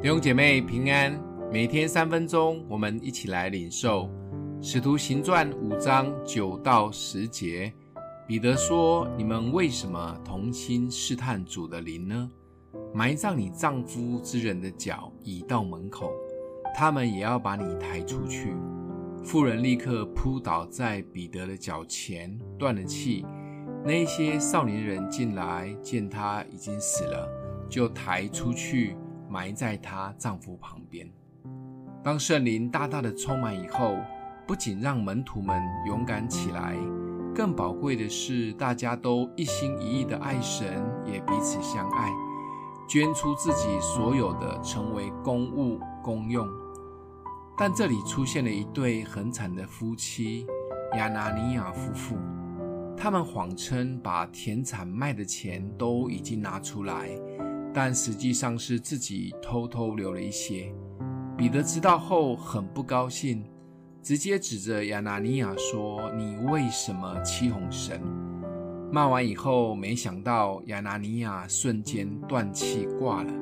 弟兄姐妹平安，每天三分鐘，我們一起來領受《使徒行傳》五章九到十節。彼得說：“你們為什麼同心試探主的靈呢？”埋葬你丈夫之人的腳已到門口，他們也要把你抬出去。婦人立刻撲倒在彼得的腳前，斷了氣。那些少年人進來見他已經死了，就抬出去。埋在她丈夫旁邊。當聖靈大大的充滿以後，不僅讓門徒們勇敢起來，更寶貴的是，大家都一心一意的愛神，也彼此相愛，捐出自己所有的，成為公物共用。但這裡出現了一對很慘的夫妻，亞拿尼亞夫婦，他們謊稱把田產賣的錢都已經拿出來。但實際上是自己偷偷留了一些。彼得知道後很不高興，直接指着亞拿尼亞說：“你為什麼欺哄神？”罵完以後，沒想到亞拿尼亞瞬間斷氣掛了。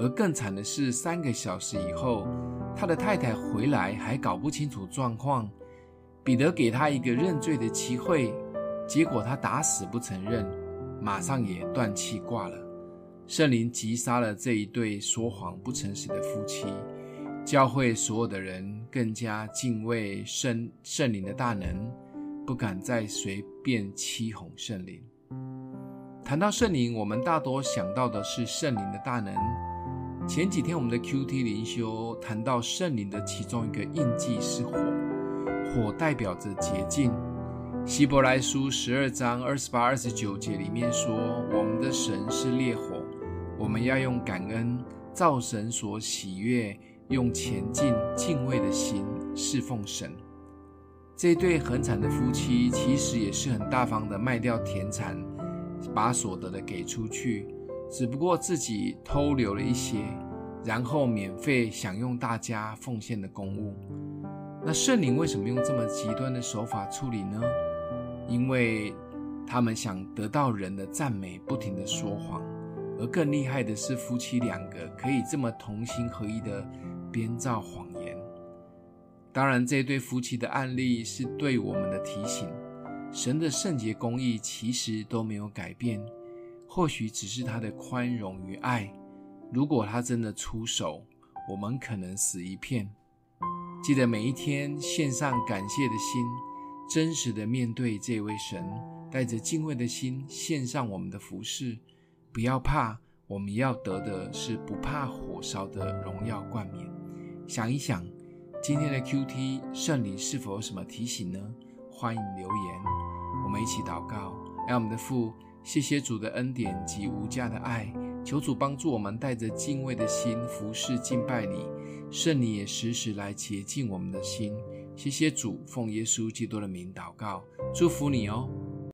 而更慘的是，三個小時以後，他的太太回來還搞不清楚狀況。彼得給他一個認罪的機會，結果他打死不承認，馬上也斷氣掛了。聖靈擊殺了這一對說謊不誠實的夫妻，教會所有的人更加敬畏聖聖靈的大能，不敢再隨便欺哄聖靈。談到聖靈，我們大多想到的是聖靈的大能。前幾天我們的 QT 靈修談到聖靈的其中一個印記是火，火代表着潔淨。希伯來書十二章二十八、二十九節裡面說，我們的神是烈火。我們要用感恩照神所喜悅、用虔敬敬畏的心侍奉神。這對很慘的夫妻其實也是很大方的，賣掉田產，把所得的給出去，只不過自己偷留了一些，然後免費享用大家奉獻的公物。那聖靈為什麼用這麼極端的手法處理呢？因為他們想得到人的讚美，不停的說謊。而更厲害的是，夫妻兩個可以這麼同心合一地編造謊言。當然，這對夫妻的案例是對我們的提醒：神的聖潔公義其實都沒有改變，或許只是他的寬容與愛。如果他真的出手，我們可能死一片。記得每一天獻上感謝的心，真實的面對這位神，帶着敬畏的心獻上我們的服事。不要怕，我們要得的是不怕火燒的榮耀冠冕。想一想，今天的 QT 聖靈是否有什麼提醒呢？歡迎留言，我們一起禱告。愛我們的父，謝謝主的恩典及無價的愛，求主幫助我們帶着敬畏的心服侍敬拜你。聖靈也時時來潔淨我們的心。謝謝主，奉耶穌基督的名禱告，祝福你哦。